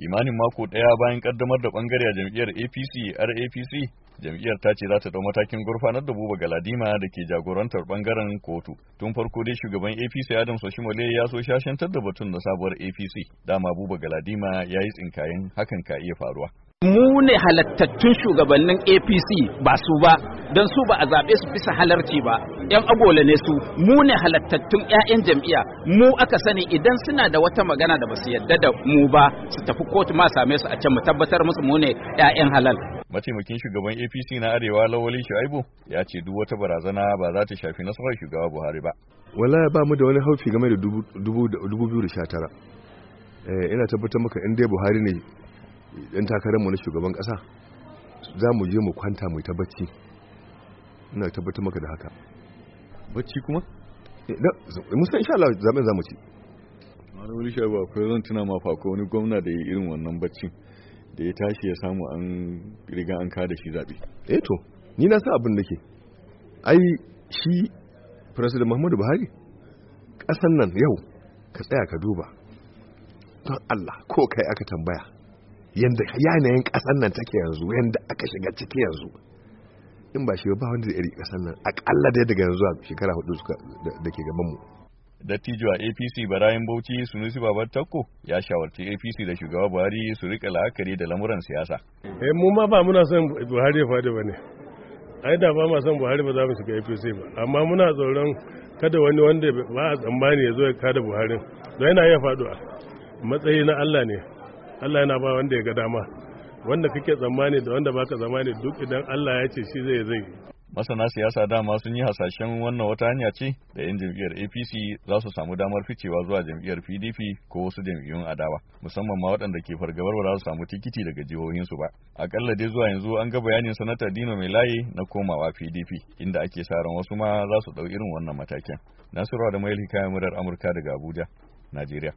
kimanin mako ɗaya bayan kaddamar da bangare a jam'iyyar apc rapc jam'iyyar ta ce za ta ɗau matakin gurfanar da buba galadima da ke jagorantar bangaren kotu tun farko dai shugaban apc Adam Sashimole ya so shashantar da batun na sabuwar apc dama buba galadima ya yi tsinkayen hakan ka iya faruwa mu ne halattattun shugabannin apc ba su ba don su ba a zaɓe su bisa halarci ba yan agola ne su mu ne halattattun 'ya'yan jam'iyya mu aka sani idan suna da wata magana da basu yadda da mu ba su tafi kotu ma same su a can mu tabbatar musu mu ne 'ya'yan halal mataimakin shugaban apc na arewa lawali shu'aibu ya ce duk wata barazana ba za ta shafi nasarar shugaba buhari ba wala ba mu da wani haufi game da 2019 eh, ina tabbatar maka in dai buhari ne yan takararmu na shugaban ƙasa za mu je mu kwanta mu ta ina tabbatar maka da haka bacci kuma eh, musan insha Allah zaben za mu ci malamin sha ba akwai zan tuna ma fa akwai wani gwamna da ya irin wannan baccin da ya tashi ya samu an riga an ka da shi zabe eh to ni na sa abin da ke ai shi president Muhammadu Buhari ƙasan nan yau ka tsaya ka duba don Allah ko kai aka tambaya yanda yanayin kasar nan take yanzu yanda aka shiga ciki yanzu in ba shi ba wanda zai iri ƙasar nan akalla da daga yanzu a shekara hudu da ke gaban mu dattijo a apc barayin bauchi sunusi babar takko ya shawarci apc da shugaba buhari su rika la'akari da lamuran siyasa eh mu ma ba muna son buhari ya faɗi ne. ai da ba ma son buhari ba za mu shiga apc ba amma muna tsoron kada wani wanda ba a tsammani ya zo ya kada buhari don yana iya faɗuwa matsayi na allah ne Allah yana ba wanda ya ga dama wanda kake tsammani da wanda baka zamani duk idan Allah ya ce shi zai zai masana siyasa dama sun yi hasashen wannan wata hanya ce da 'yan jam'iyyar apc za su samu damar ficewa zuwa jam'iyyar pdp ko wasu jam'iyyun adawa musamman ma waɗanda ke fargabar ba za su samu tikiti daga jihohinsu ba akalla dai zuwa yanzu an ga bayanin sanata dino mai layi na komawa pdp inda ake sa ran wasu ma za su ɗau irin wannan matakin nasiru da mail hikayar murar amurka daga abuja najeriya